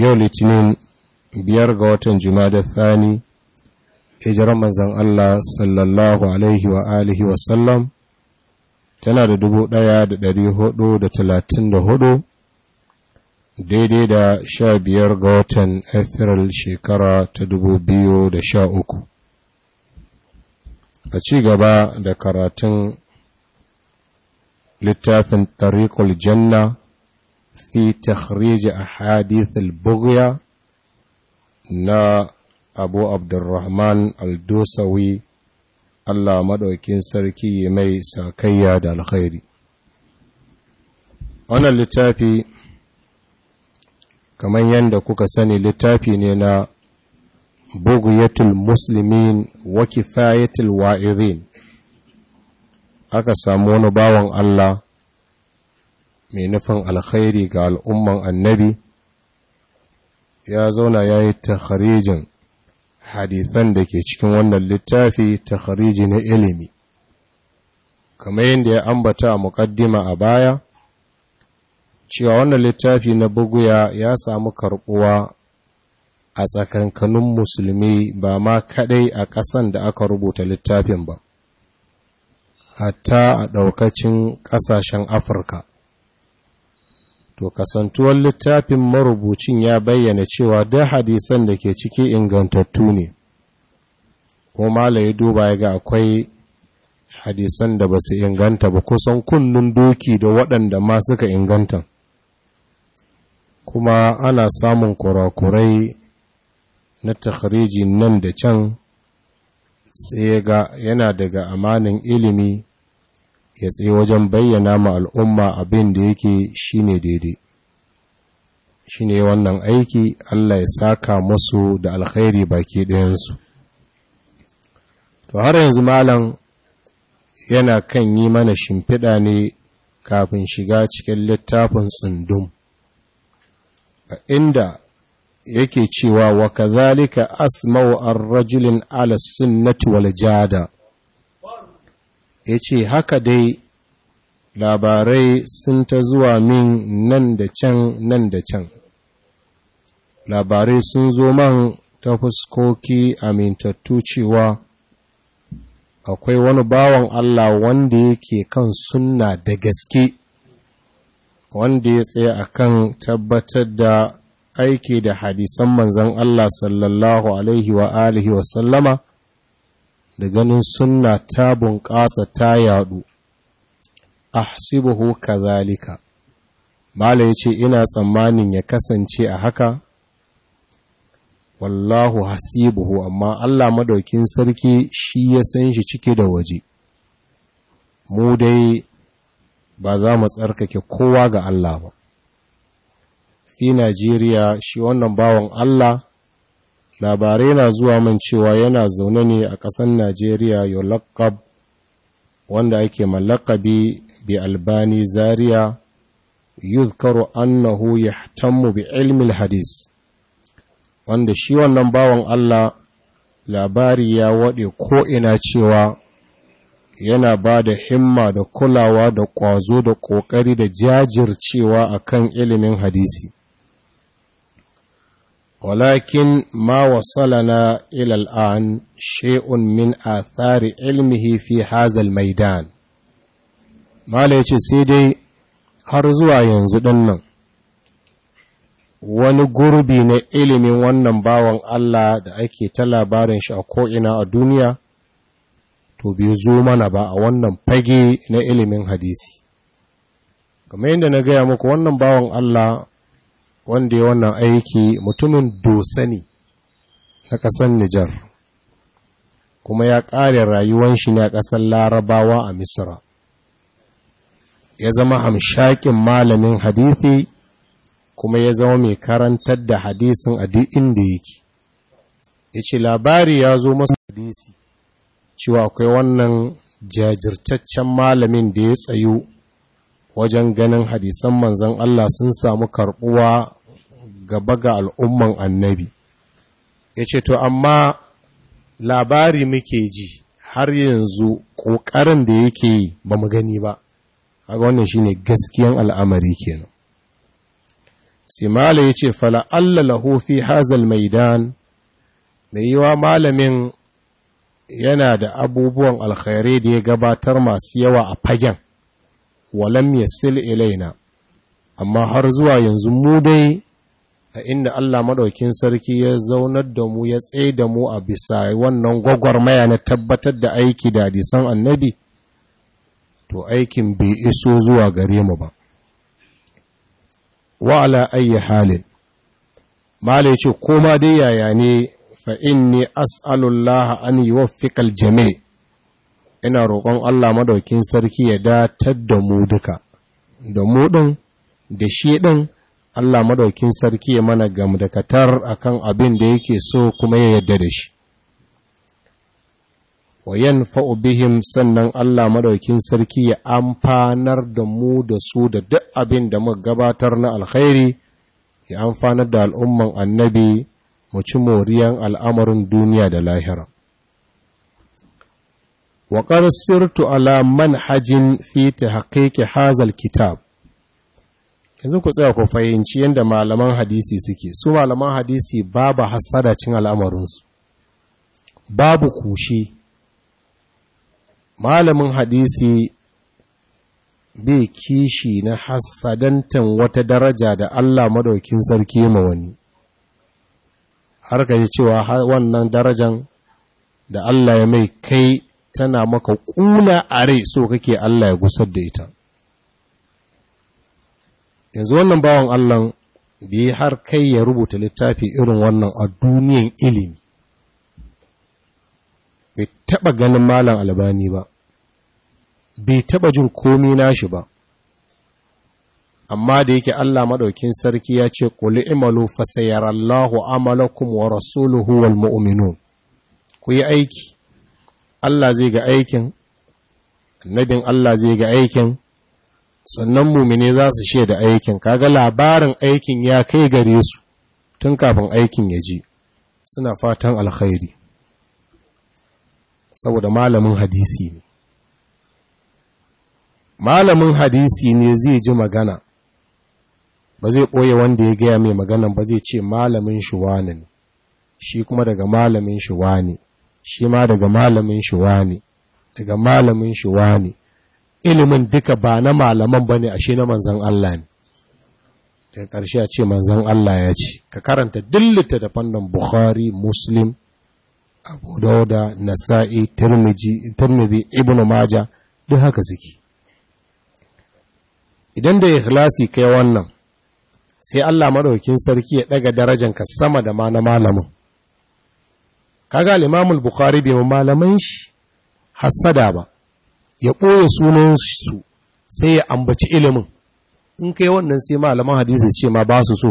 yau litinin biyar ga watan da thani hijirar manzan Allah sallallahu alaihi wa alihi wasallam tana da dubu ɗaya da dari hudu da talatin da hudu daidai da sha biyar ga watan Afril shekara ta dubu biyu da sha uku a ci gaba da karatun littafin tarikul janna fi takhriji ahadith bugya na Abu Abdurrahman al-Dosawi Allah madaukin sarki mai sakayya da alkhairi wannan littafi kamar yadda kuka sani littafi ne na bugyatul muslimin wa kifayatul wa'irin aka samu wani bawan Allah mai nufin alkhairi ga al'umman annabi ya zauna ya yi takharijin hadithan da ke cikin wannan littafi takhariji na ilimi kamar yadda ya ambata a muƙaddima a baya cewa wannan littafi na buguya ya samu karɓuwa a tsakankanin musulmi ba ma kaɗai a ƙasan da aka rubuta littafin ba hatta a ɗaukacin ƙasashen afirka to kasantuwar littafin marubucin ya bayyana cewa duk hadisan da ke ciki ingantattu ne ko mala ya duba ya ga akwai hadisan da ba su inganta ba kusan kunnun doki da waɗanda ma suka inganta kuma ana samun kurakurai na takhrijin nan da can sai ga yana daga amanin ilimi ya tsaye wajen bayyana ma al'umma abin da yake shi ne daidai shi ne wannan aiki Allah ya saka musu da alkhairi baki ɗayansu to har yanzu malam yana kan yi mana shimfiɗa ne kafin shiga cikin littafin tsundum a inda yake cewa wa kazalika asma'u ar-rajulin ala sunnati wal jada ya ce haka dai labarai sun ta zuwa min nan da can nan da can labarai sun zo man ta fuskoki amintattu cewa akwai wani bawan Allah wanda yake kan sunna da gaske wanda ya tsaye akan tabbatar da aiki da hadisan manzan Allah sallallahu alaihi wa wa sallama da ganin sunna ta bunƙasa ta yaɗu ahsibuhu kazalika mala ce ina tsammanin ya kasance a haka wallahu hasibuhu amma Allah madaukin sarki shi ya san shi cike da waje mu dai ba za mu tsarkake kowa ga Allah ba fi Najeriya shi wannan bawan Allah labarai na zuwa man cewa yana zaune ne a ƙasar najeriya yolakab wanda ake mallakabi bi albani zaria yuzkaru annahu yahtammu bi ilmil hadis wanda shi wannan bawan Allah labari ya waɗe ko'ina cewa yana ba da himma da kulawa da ƙwazo da ƙoƙari da jajircewa a kan ilimin hadisi ولكن ما وصلنا إلى الآن شيء من آثار علمه في هذا الميدان ما ليش سيدي هرزوا ينزدن wani gurbi na ilimin wannan bawan Allah da ake ta labarin shi a ko'ina a duniya, to bai zo mana ba a wannan fage na ilimin hadisi. Kamar yadda na gaya muku wannan bawan Allah wanda ya wannan aiki mutumin dosani na ƙasar Nijar kuma ya ƙare rayuwan shi ne a ƙasar Larabawa a Misira, ya zama hamshakin malamin hadithi kuma ya zama mai karantar da hadisin a duk inda yake ya ce labari ya zo masu hadisi cewa akwai wannan jajirtaccen malamin da ya tsayo wajen ganin hadisan manzan Allah sun samu karɓuwa. gaba ga al'umman annabi ya ce to amma labari muke ji har yanzu ƙoƙarin da yake yi ba mu gani ba haka wannan shi ne gaskiyan al'amari kenan simala ya ce Fala Allah lahofi hazal maidan mai yiwa malamin yana da abubuwan alkhairai da ya gabatar masu yawa a fagen walam ya sil ilaina amma har zuwa yanzu mu dai a inda Allah maɗaukin sarki ya zaunar da mu ya tsaye da mu a bisa wannan gwagwarmaya na tabbatar da aiki da hadisan annabi to aikin bai iso zuwa gare mu ba wa ala ayi halin mala yace koma dai yaya ne fa inni as'alullah an yuwaffiqal jami' ina roƙon Allah maɗaukin sarki ya datar da mu duka da mu ɗin, da shi ɗin. Allah madaukin sarki ya mana gamdakatar akan abin da yake so kuma ya yadda da shi Wa wayan bihim sannan Allah madaukin sarki ya amfanar da mu da su da duk abin da muka gabatar na alkhairi ya amfanar da al'umman annabi mu ci moriyan al'amarin duniya da lahira. Waƙar sirtu ala manhajin fi ta haƙiƙi hazal kitab, yanzu ku tsaya ku fahimci yadda malaman hadisi suke su malaman hadisi babu hassada cin al'amarinsu babu kushe malamin hadisi bai kishi na hasadantan wata daraja da Allah madaukin sarki ma wani har ka ji cewa wannan darajan da Allah ya mai kai tana maka ƙuna a rai so kake Allah ya gusar da ita yanzu wannan bawan Allah bi har kai ya rubuta littafi irin wannan a duniyan ilimi bai taba ganin malam albani ba bai taɓa jin komi nashi ba amma da yake Allah maɗaukin sarki ya ce qul imalu fasayarallahu amalakum wa rasuluhu wal mu'minun ku yi aiki Allah zai ga aikin annabin Allah zai ga aikin sannan mumine za su shaida aikin kaga labarin aikin ya kai gare su tun kafin aikin ya ji suna fatan alkhairi saboda malamin hadisi ne malamin hadisi ne zai ji magana ba zai ɓoye wanda ya gaya mai maganan ba zai ce malamin shi wane ne shi kuma daga malamin shi wane shi ma daga malamin shi wane daga malamin shi wane ilimin duka ba na malaman ba ne ashe na manzan Allah ne daga ƙarshe a ce manzan Allah ya ce ka karanta dillita da fannin bukhari muslim abu dauda nasa'i tirmidhi ibnu maja duk haka suke idan da ikhlasi kai wannan sai Allah maɗaukin sarki ya ɗaga darajanka sama da ma na malamin ka ga limamul bukhari bai malamin shi hassada ba ya ɓoye sunansu sai ya ambaci ilimin in kai wannan sai malaman hadisi ce ma ba su so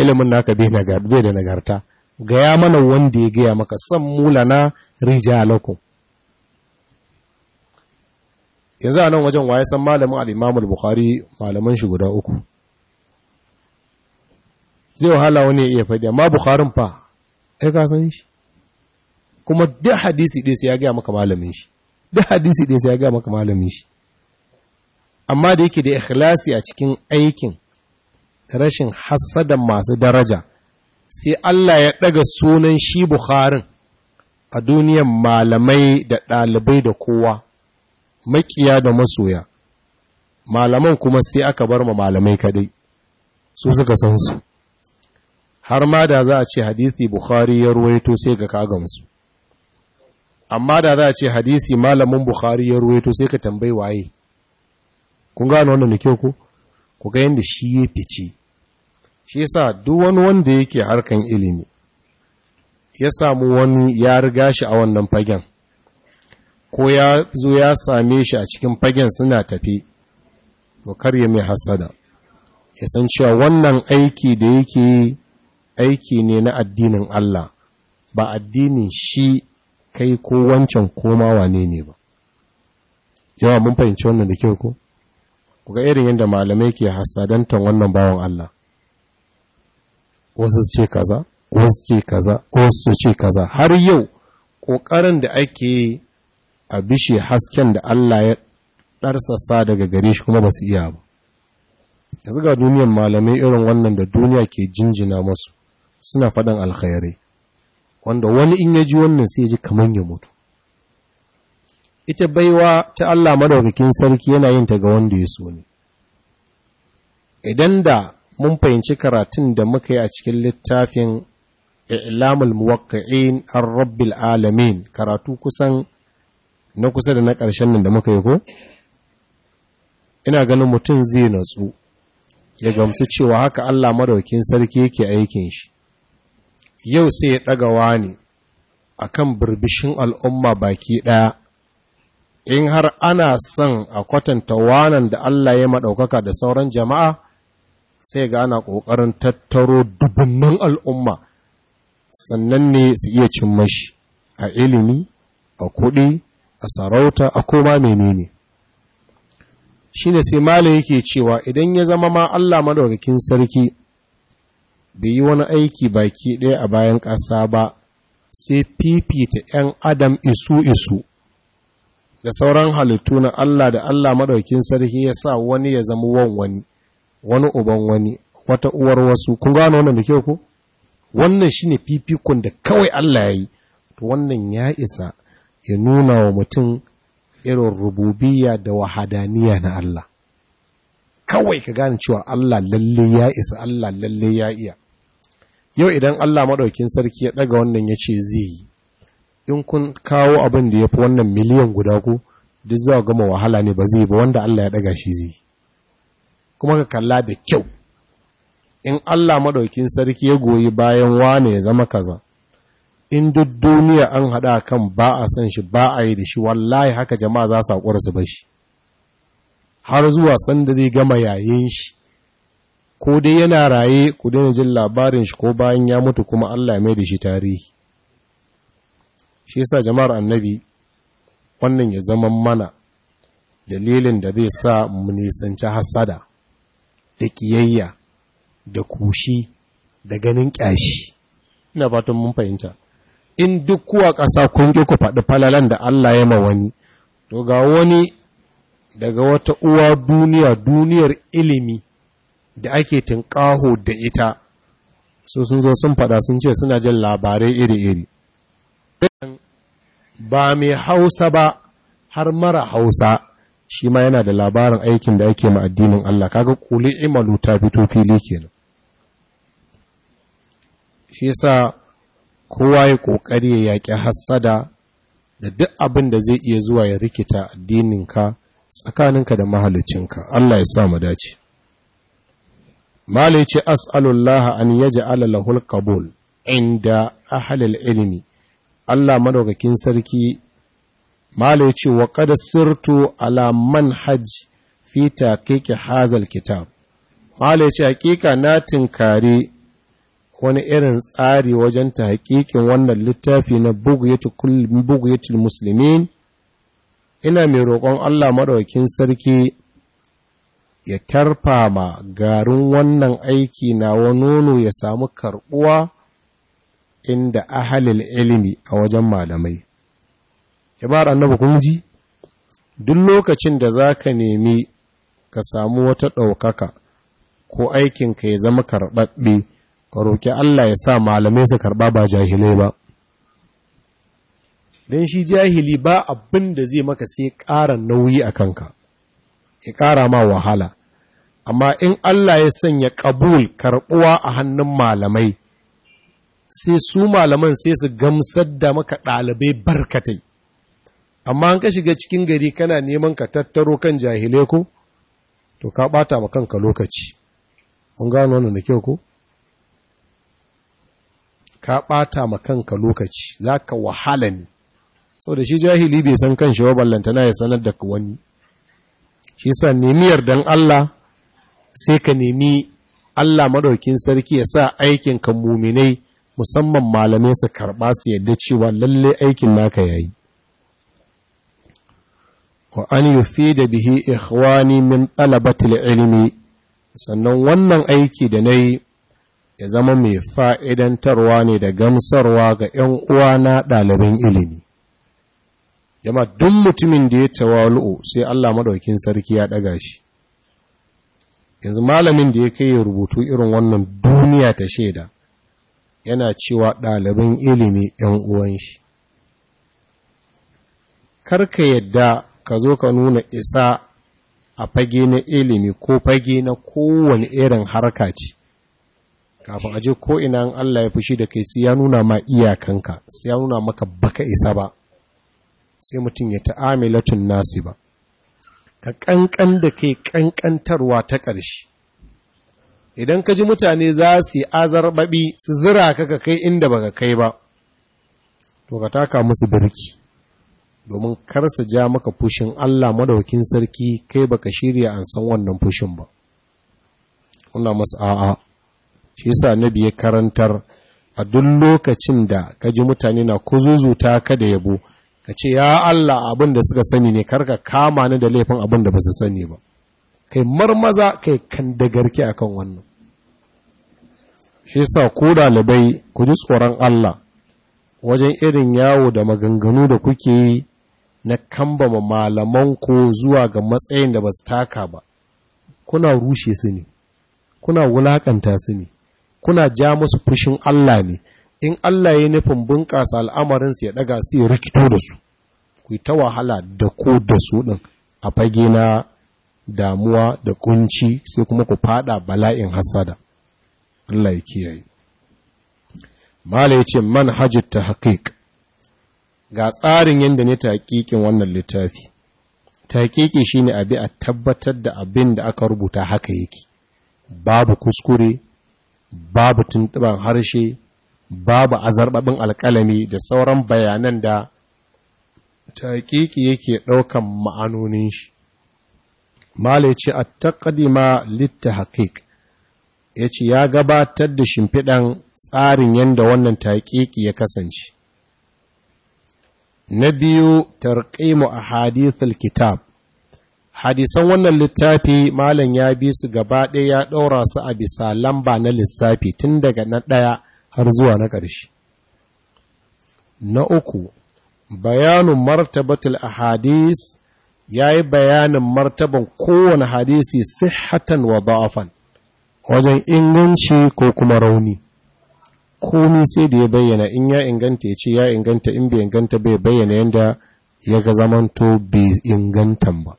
ilimin naka bai da nagarta gaya mana wanda ya gaya maka san mulana rijalakum yanzu a nan wajen waye san malamin al'imamul bukhari malaman shi guda uku zai wahala wani ya iya faɗi amma bukharin fa ai ka san shi kuma duk hadisi ɗaya sai ya gaya maka malamin shi da hadisi ɗaya sai ya ga maka malamin shi amma da yake da ikhlasi a cikin aikin rashin hassadan masu daraja sai Allah ya ɗaga sunan shi Bukharin a duniyan malamai da ɗalibai da kowa makiya da masoya malaman kuma sai aka bar ma malamai kadai su suka san su har ma da za a ce hadithi Bukhari ya ruwaito sai ga kagamsu amma da za a ce hadisi malamin bukhari ya ruwaito sai ka tambayi waye kun gano wannan da kyau ku ku ga yadda shi ya fice shi yasa duk wani wanda yake harkan ilimi ya samu wani ya riga shi a wannan fagen ko ya zo ya same shi a cikin fagen suna tafi to karye mai hasada ya san cewa wannan aiki da yake aiki ne na addinin Allah ba addinin shi kai ko wancan koma wane ne ba yawa mun fahimci wannan da kyau ko ku ga irin yadda malamai ke hasadantan wannan bawan Allah wasu ce kaza wasu ce kaza wasu ce kaza har yau ƙoƙarin da ake a bishe hasken da Allah ya ɗarsa sa daga gare shi kuma ba su iya ba yanzu ga duniyar malamai irin wannan da duniya ke jinjina masu suna faɗin alkhairai wanda wani in ya ji wannan sai ya ji kamar ya mutu ita baiwa ta Allah madaukakin sarki yana yin ta ga wanda ya so ne idan da mun fahimci karatun da muka yi a cikin littafin ilamul muwaqqi'in ar rabbil alamin karatu kusan na kusa da na ƙarshen nan da muka yi ko ina ganin mutum zai natsu ya gamsu cewa haka Allah madaukakin sarki yake aikin shi yau sai ya ɗaga wani a kan birbishin al'umma baki ɗaya in har ana son a kwatanta wanan da Allah ya maɗaukaka da sauran jama'a sai ga ana ƙoƙarin tattaro dubunan al'umma sannan ne su iya cin mashi a ilimi a kuɗi a sarauta a koma menene shi ne sai mala yake cewa idan ya zama ma Allah maɗaukakin sarki bai yi wani aiki baki ɗaya a bayan ƙasa ba sai fifita 'yan adam isu-isu da sauran halittu na Allah da Allah maɗaukin sarki ya sa wani ya zama wan wani wani uban wani wata uwar wasu kun gano wannan da kyau ku wannan shine fifikon da kawai Allah ya yi wannan ya isa ya nuna wa mutum irin rububiya da wahadaniya na Allah kawai ka gane cewa Allah lalle ya isa Allah lalle ya iya yau idan Allah maɗaukin sarki ya ɗaga wannan ya ce zai yi in kun kawo abin da ya fi wannan miliyan guda ku duk za gama wahala ne ba zai ba wanda Allah ya ɗaga shi zai kuma ka kalla da kyau in Allah maɗaukin sarki ya goyi bayan wane ya zama kaza in duk duniya an haɗa kan ba a san shi ba a yi da shi wallahi haka jama'a za su haƙura su bar shi har zuwa sanda zai gama yayin shi ko dai yana raye ku daina jin labarin shi ko bayan ya mutu kuma Allah mai da shi tarihi shi yasa jama'ar annabi wannan ya zama mana dalilin da zai sa mu nisanci hasada da kiyayya da kushi da ganin kyashi ina fatan mun fahimta in duk kuwa ƙasa kun ki ku faɗi falalan da Allah ya ma wani to ga wani daga wata uwa duniya duniyar ilimi da ake tinƙaho da ita su sun zo sun fada sun ce suna jin labarai iri-iri ba mai hausa ba har mara hausa shi ma yana da labarin aikin da ake ma addinin Allah kaga kuli imalu ta fito fili kenan shi yasa kowa ya kokari ya yaƙi hassada da duk abin da zai iya zuwa ya rikita addininka tsakaninka da mahalicinka Allah ya sa mu dace Mali ce, As'alullah an yaji alalahul kabul inda ahalil ilimi, Allah madaukakin sarki, Mali ce, wa kada sirtu ala manhaj fi taƙiƙi hazal kitab. Mali ce, hakika na tinkari wani irin tsari wajen ta haƙiƙin wannan littafi na bugu buguyatul musulmin, ina mai roƙon Allah madaukakin sarki ya tarfama garin wannan aiki na nono ya samu karbuwa inda ahalil ilimi a wajen malamai jama'ar annabi kun ji duk lokacin da zaka nemi ka samu wata ɗaukaka ko aikinka ya zama karɓaɓɓe ka roƙi Allah ya sa malamai su karɓa ba jahilai ba don shi jahili ba abin da zai maka sai ƙara nauyi a kanka ya ƙara ma wahala amma in Allah ya sanya ƙabul karɓuwa a hannun malamai sai su malaman sai su gamsar da maka ɗalibai barkatai amma an ka shiga cikin gari kana neman ka tattaro kan jahilai ko to ka ɓata ma kanka lokaci mun gano wannan da kyau ko ka ɓata ma kanka lokaci za ka wahala ne sau shi jahili bai san kan shi wa na ya sanar da wani shi sa nemiyar dan Allah sai ka nemi Allah madaukin sarki ya sa aikin kan muminai musamman malamai su karɓa su yadda cewa lalle aikin naka yayi wa an da bihi ikhwani min talabatil ilimi sannan wannan aiki da nayi ya zama mai fa'idantarwa ne da gamsarwa ga ‘yan uwana ɗaliban ilimi. Yama duk mutumin da ya tawalu'u sai Allah maɗaukin sarki ya ɗaga shi, yanzu malamin da ya kai ya rubutu irin wannan duniya ta shaida yana cewa ɗaliban ilimi ‘yan uwan shi karka yadda ka zo ka nuna isa a fage na ilimi ko fage na kowane irin harka ce kafin aje ko ina an Allah ya fushi da kai sai ya nuna ma iyakanka sai ya nuna maka baka isa ba sai mutum ya ta'amilatun nasi ba ka ƙanƙan da ke ƙanƙantarwa ta ƙarshe idan ka ji mutane za su yi azarbaɓi su zira ka ka kai inda ba ka kai ba to ka taka musu birki domin kar su ja maka fushin Allah madaukin sarki kai ba ka shirya an san wannan fushin ba kuna masu a'a shi sa na karantar a duk lokacin da ka ji mutane na kuzuzuta ka da yabo ka ce ya Allah abin da suka sani ne karka kama ni da laifin abin da ba su sani ba kai marmaza kai kan dagarki akan wannan shi sa ko dalibai ku ji tsoron Allah wajen irin yawo da maganganu da kuke yi na kambama malamanku zuwa ga matsayin da ba su taka ba kuna rushe su ne kuna wulakanta su ne kuna ja musu fushin Allah ne in Allah ya yi nufin bunƙasa al'amarinsu ya ɗaga su ya rikito da su ku yi ta wahala da ko da su ɗin a fage na damuwa da ƙunci sai kuma ku faɗa bala'in hasada Allah ya kiyaye mala yace ta haƙiƙ. ga tsarin yadda ne haƙiƙin wannan littafi ta shi shine abi a tabbatar da abin da aka rubuta haka yake babu kuskure babu tuntuban harshe babu azarbabin alƙalami da sauran bayanan da taƙiƙi yake ɗaukan ma'anonin shi mala ce a taƙadima litta haƙiƙ ya ce ya gabatar da shimfiɗan tsarin yadda wannan taƙiƙi ya kasance na biyu tarƙimu a hadithul kitab hadisan wannan littafi malam ya bi su gaba ɗaya ya ɗaura su a bisa lamba na lissafi tun daga na ɗaya har zuwa na ƙarshe na uku bayanin martabatul ahadis ya yi bayanin martaban kowane hadisi sihatan wa ba'afan wajen inganci ko kuma rauni komi sai da ya bayyana in ya inganta ya ce ya inganta in bai inganta bai bayyana yadda ya ga zamanto bai inganta ba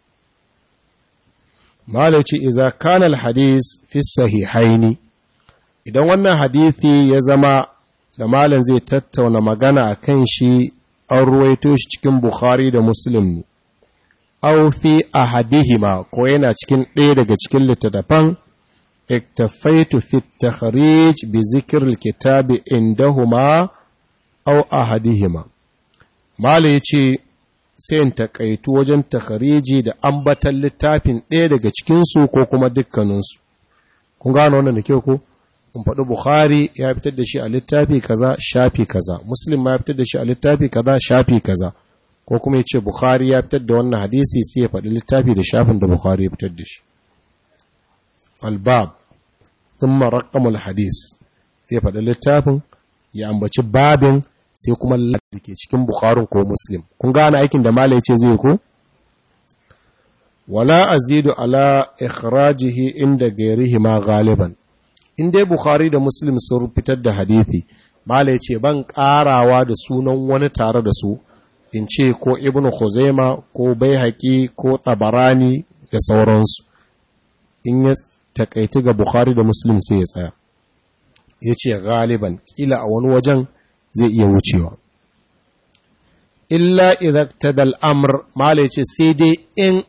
malaci iza kanal hadis fi sahihaini idan wannan hadithi ya zama da malam zai tattauna magana a kan shi an ruwaito shi cikin bukhari da muslim ne au fi ahadihima ko yana cikin ɗaya daga cikin littattafan iktafaitu fi takhrij bi zikr au indahuma aw ahadihima mala ce, sai in takaitu wajen takhariji da ambatan littafin ɗaya daga cikinsu ko kuma dukkaninsu. kun gano wannan da kyau ko in faɗi bukhari ya fitar da shi a littafi kaza shafi kaza muslim ma ya fitar da shi a littafi kaza shafi kaza ko kuma ya ce bukhari ya fitar da wannan hadisi sai ya faɗi littafi da shafin da bukhari ya fitar da shi albab thumma raqamul hadis ya faɗi littafin ya ambaci babin sai kuma da ke cikin bukharin ko muslim kun gane aikin da malai ce zai ko wala azidu ala ikhrajihi inda gairihi ma galiban in dai bukhari da muslim sun fitar da hadithi mala ya ce ban karawa da sunan wani tare da su in ce ko ibn khuzaima ko baihaqi ko tabarani da sauransu in ya takaiti ga bukhari da muslim sai ya tsaya ya ce galiban kila a wani wajen zai iya wucewa illa idaktada amr mala ya ce sai dai in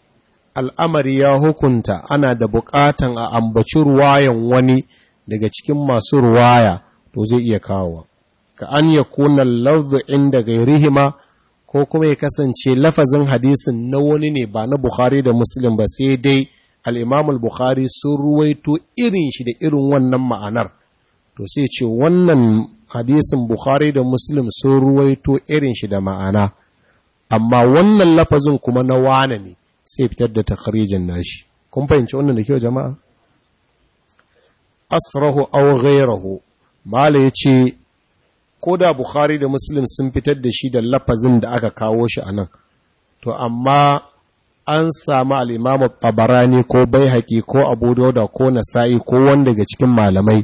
al'amari ya hukunta ana da bukatan a ambaci ruwayan wani daga cikin masu ruwaya to zai iya kawo ka an ya kuna lafzu inda gairihima ko kuma ya kasance lafazin hadisin na wani ne ba na Bukhari da Muslim ba sai dai al'imamul Bukhari sun ruwaito irin shi da irin wannan ma'anar to sai ce wannan hadisin Bukhari da Muslim sun ruwaito irin shi da ma'ana amma wannan lafazin kuma na wane ne sai fitar da takarijin nashi kun fahimci wannan da kyau jama'a asrahu aw ghayrahu mala yace ko da bukhari da muslim sun fitar da shi da lafazin da aka kawo shi anan to amma an samu al-imam tabarani ko baihaqi ko abu dauda ko nasa'i ko wanda daga cikin malamai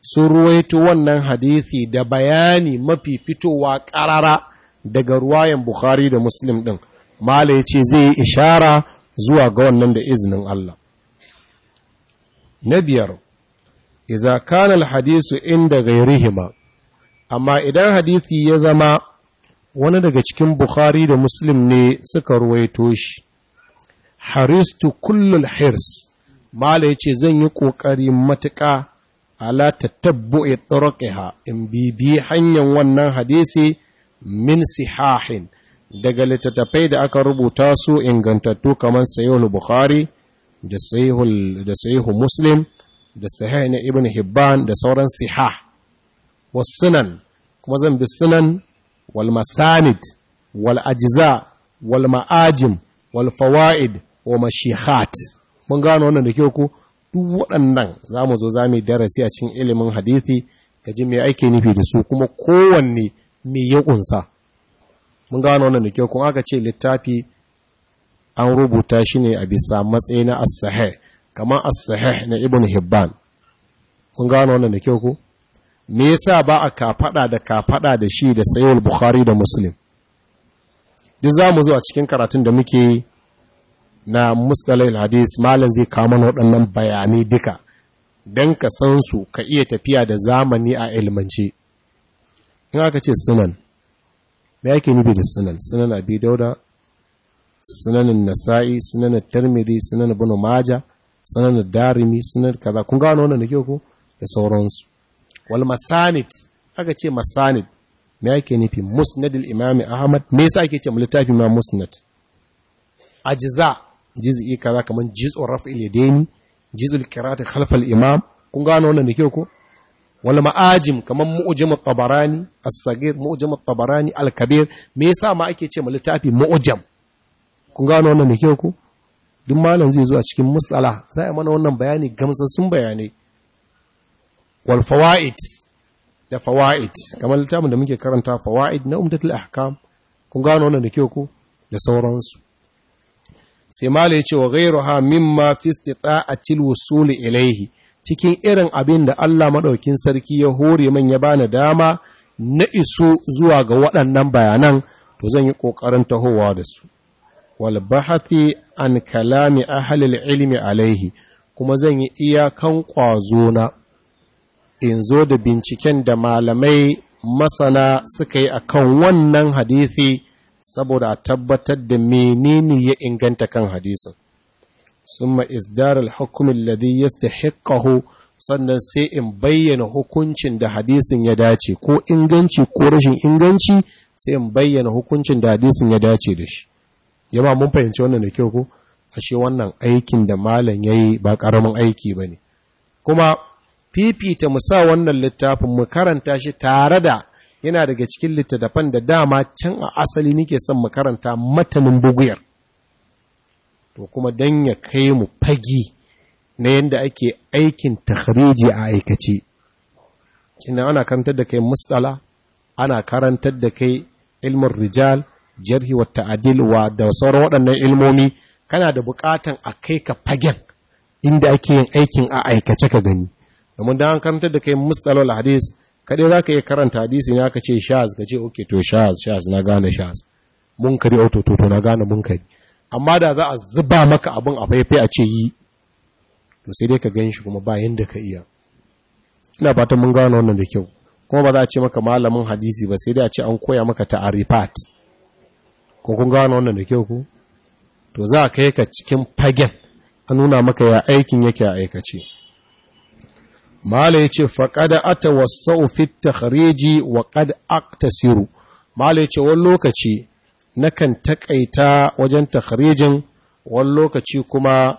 sun ruwaito wannan hadisi da bayani mafi fitowa ƙarara daga ruwayan bukhari da muslim din mala yace zai yi ishara zuwa ga wannan da iznin Allah na biyar iza kana alhadisu inda gairihima amma idan hadisi ya zama wani daga cikin bukhari da muslim ne suka ruwaito shi haristu kullul hirs mala ya ce zan yi ƙoƙari matuƙa ala tattabbu ya in bibi hanyar wannan hadisi min sihahin daga littattafai da aka rubuta su ingantattu kamar sayihul bukhari da sayihul muslim da sahih na ibn hibban da sauran sihah sunan, kuma zan bi sunan wal masanid wal ajza wal ma'ajim wal fawaid wa mashihat mun gano wannan da ke ko duk waɗannan za mu zo za mu darasi a cikin ilimin hadithi ka ji me ake nufi da su kuma kowanne me ya kunsa mun gano wannan da kyau ku aka ce littafi an rubuta shi ne a bisa matsayi na as-sahih kamar as-sahih na ibn hibban kun gano wannan da kyau ko me yasa ba a kafada da kafada da shi da sayyid bukhari da muslim duk zamu zo a cikin karatun da muke na mustalahil hadis malam zai kawo mana waɗannan bayanai duka dan ka san su ka iya tafiya da zamani a ilmance in aka ce sunan me yake nufi da sunan sunan abi dauda sunan nasa'i sunan tirmidhi sunan ibn majah sunan darimi sunan kaza kun gano wannan da kyau ko da sauransu wal masanid aka ce masanid me ake nufi musnad al imam ahmad me yasa ake ce mu littafin ma musnad ajza juz'i kaza kaman juz'u raf'il yadaini juz'ul qira'ati khalf al imam kun gano wannan da kyau ko wal ma'ajim kaman mu'jam at-tabarani as-sagir mu'jam at-tabarani al-kabir me yasa ma ake ce mu littafin mu'jam kun gano wannan da kyau ko duk malam zai zo cikin musala za a mana wannan bayani gamsassun bayanai wal fawaid da fawaid kamar littafin da muke karanta fawaid na umdatul ahkam kun gano wannan da kyau ko da sauransu sai malam ya ce wa ha mimma fi istita'atil wusul ilayhi cikin irin abin da Allah madaukin sarki ya hore man ya bani dama na iso zuwa ga waɗannan bayanan to zan yi ƙoƙarin tahowa da su Walbahati an kalami ahlil ilmi alaihi kuma zan yi iyakan na in zo da binciken da malamai masana suka yi akan wannan hadithi saboda a tabbatar da menene ya inganta kan hadisin summa isdar hukumin hukm alladhi hekahu sannan sai in bayyana hukuncin da hadisin ya dace ko inganci ko rashin inganci sai in bayyana hukuncin da hadisin ya dace da shi ba mun fahimci wannan da kyau ko ashe wannan aikin da malam yayi ba karamin aiki bane kuma fifita mu sa wannan littafin mu karanta shi tare da yana daga cikin littattafan da dama can a asali nake son mu karanta matanin buguyar to kuma dan ya kai mu fagi na yadda ake aikin takhriji a aikace kina ana karantar da kai mustala ana karantar da kai ilmin rijal jarhi wa ta'adil wa da sauran waɗannan ilmomi kana da buƙatan a kai ka fagen inda ake yin aikin a aikace ka gani domin da an karanta da kai mustalal hadis kadai za ka iya karanta hadisi ne aka ce shaz ka ce okay to shaz shaz na gane shaz munkari auto oh, to na gane munkari amma da za a zuba maka abin a faifai a ce yi to sai dai ka gan shi kuma ba yanda ka iya ina fatan mun gane wannan da kyau kuma ba za a ce maka malamin hadisi ba sai dai a ce an koya maka ta'arifat ko kun gano wannan da kyau ku to za a kai ka cikin fagen a nuna maka ya aikin yake a aikace mala ya ce faƙada ata wasau fit takhriji wa qad aktasiru mala ya ce wani lokaci nakan takaita wajen takhrijin wani lokaci kuma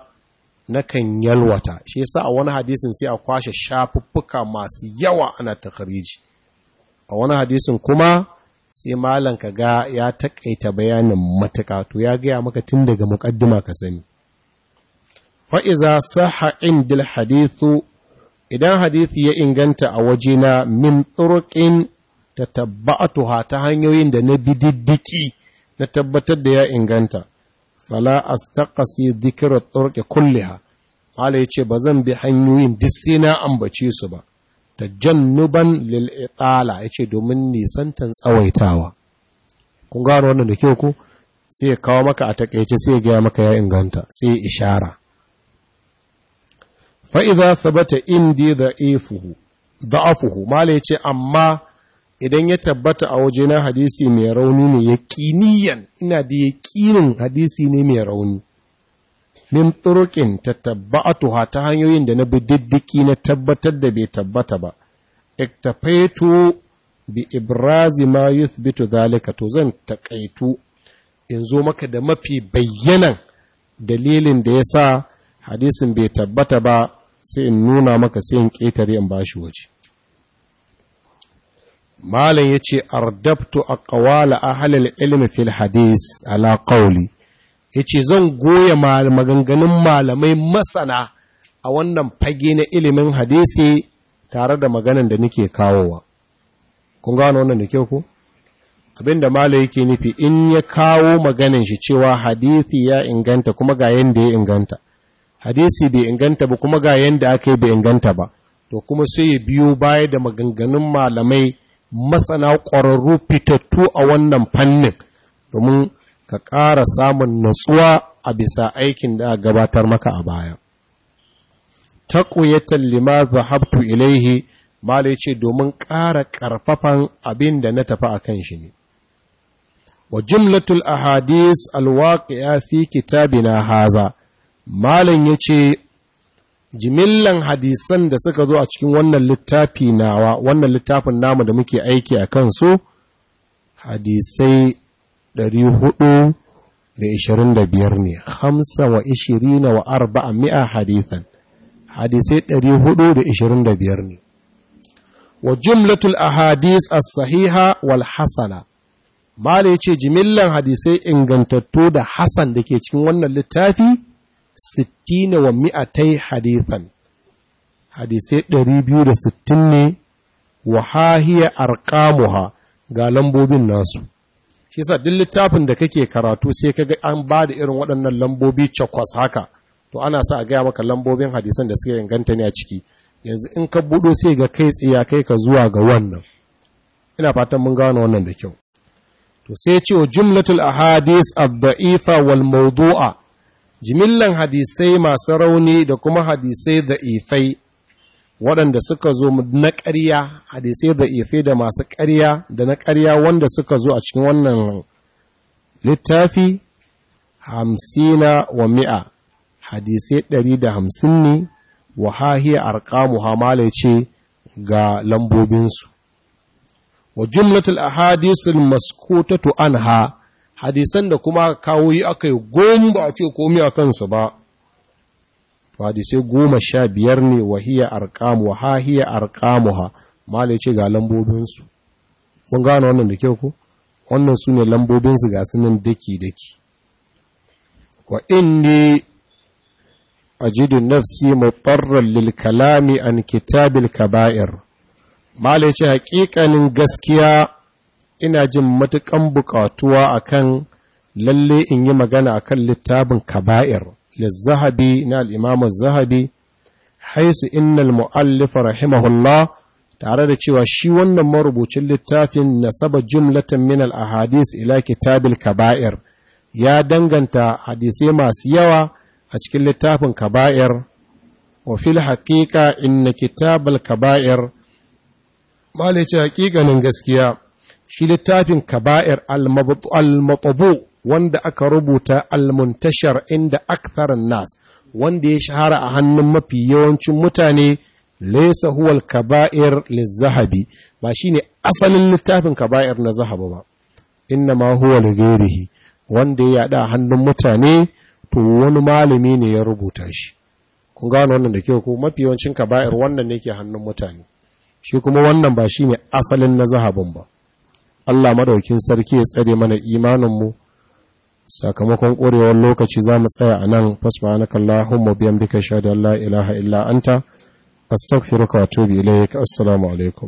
nakan yalwata shi yasa a wani hadisin sai a kwashe shafuffuka masu yawa ana takhriji a wani hadisin kuma sai malan ka ga ya takaita bayanin matuƙa to ya gaya maka tun daga muƙaddima ka sani fa'iza saha indil hadithu idan hadithi ya inganta a wajena min turuqin tatabba'atuha ta hanyoyin da na bididdiki na tabbatar da ya inganta fala astaqasi dhikra turuqi kulliha Allah ya ce ba zan bi hanyoyin duk sai na ambace su ba tajannuban nuban lil'itala ya ce domin nisantan tsawaitawa kun gano wannan da kyau ko sai ya kawo maka a takaice sai ya gaya maka ya inganta sai ya ishara fa'iza bata indi da ifuhu da'afuhu mala ya ce amma idan ya tabbata a waje na hadisi mai rauni ne ya kiniyan ina da ya kinin hadisi ne mai rauni min turuqin tatabba'atuha ta hanyoyin da na bi diddiki na tabbatar da bai tabbata ba iktafaitu bi ibrazi ma yuthbitu zalika to zan takaitu in zo maka da mafi bayyanan dalilin da yasa hadisin bai tabbata ba sai in nuna maka sai in ƙetare in bashi waje malam yace ardabtu aqwala ahli al-ilm fil hadis ala qawli ya ce zan goya maganganun malamai masana a wannan fage na ilimin hadisi tare da maganan da nake kawowa kun gano wannan da kyau ku abinda malo yake nufi in ya kawo maganin shi cewa hadisi ya inganta kuma ga yadda ya inganta hadisi bai inganta ba kuma ga yadda aka yi bai inganta ba to kuma sai ya biyo baya da maganganun malamai masana ƙwararru fitattu a wannan fannin domin ka ƙara samun natsuwa a bisa aikin da gabatar maka a baya ƙuyatar lima zahabtu ilaihi mala ce domin ƙara ƙarfafan abin da na tafi kan shi ne wa jumlatul ahadis ya fi na haza malam ce jimillan hadisan da suka zo a cikin wannan littafi nawa wannan littafin namu da muke aiki a kansu, su hadisai ɗari da ishirin da biyar ne hamsa wa ishirina wa arba'a mi'a hadithan hadisai ɗari da ishirin da biyar ne wa jumlatul ahadis as-sahiha wal hasana mala ya ce jimillan hadisai ingantattu da hasan da ke cikin wannan littafi sittina wa yi hadithan hadisai ɗari biyu da sittin ne wa hahiya arƙamuha ga lambobin nasu shi sa duk littafin da kake karatu sai ka ga an ba da irin waɗannan lambobi cakwas haka to ana sa a gaya maka lambobin hadisan da suke inganta ne a ciki yanzu in ka buɗo sai ga kai tsiya kai ka zuwa ga wannan ina fatan mun gano wannan da kyau to sai ce wa jumlatul ahadis ad-da'ifa wal mawdu'a jimillan hadisai masu rauni da kuma hadisai da'ifai waɗanda suka zo na ƙarya hadisai da ife da masu ƙarya da na ƙarya wanda suka zo a cikin wannan littafi hamsina wa mi'a hadisai ɗari da hamsin ne wa hahiyar arkamu hamala ce ga lambobinsu wa jumlatul ahadisul maskutatu anha hadisan da kuma kawo yi aka yi goma ba a ce komi a kansu ba to hadisai goma sha biyar ne wahiya arkamu ha hiyar arkamu ha malai ce ga lambobinsu mun gano wannan da kyau ku wannan su ne lambobinsu ga sunan daki-daki wa inni ajidu nafsi mutarren lil kalami an kitabil kaba'ir malai ce hakikanin gaskiya ina jin matukan bukatuwa akan lalle in yi magana akan littafin kaba'ir للذهبي نال الإمام الذهبي حيث إن المؤلف رحمه الله tare da cewa shi wannan marubucin littafin nasaba jumlatan min al-ahadis ila kitabil kaba'ir ya danganta hadisai masu yawa a cikin littafin kaba'ir wa fil haqiqa inna kitabal kaba'ir malice haqiqanin gaskiya shi littafin kaba'ir al-matbu wanda aka rubuta almuntashar inda aktharan nas wanda ya shahara a hannun mafi yawancin mutane laysa huwal kaba'ir lizahabi ba shine asalin littafin kaba'ir na zahabu ba inna ma huwa lighairihi wanda ya yada a hannun mutane to wani malami ne ya rubuta shi kun gano wannan da ke ko mafi yawancin kaba'ir wannan ne ke hannun mutane shi kuma wannan ba shi shine asalin na zahabin ba Allah madaukin sarki ya tsare mana imanin mu sakamakon ƙorewar lokaci za mu tsaya a nan fasfa kalla, homo biyan bika da Allah ilaha illa anta astaghfiruka wa atubu ilaik assalamu alaikum